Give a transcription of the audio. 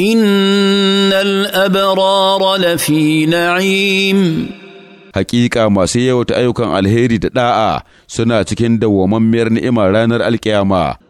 إن الأبرار لفي نعيم Hakika masu yawata ayyukan alheri da ɗa'a suna cikin dawwammamiyar ni'ima ranar alƙiyama.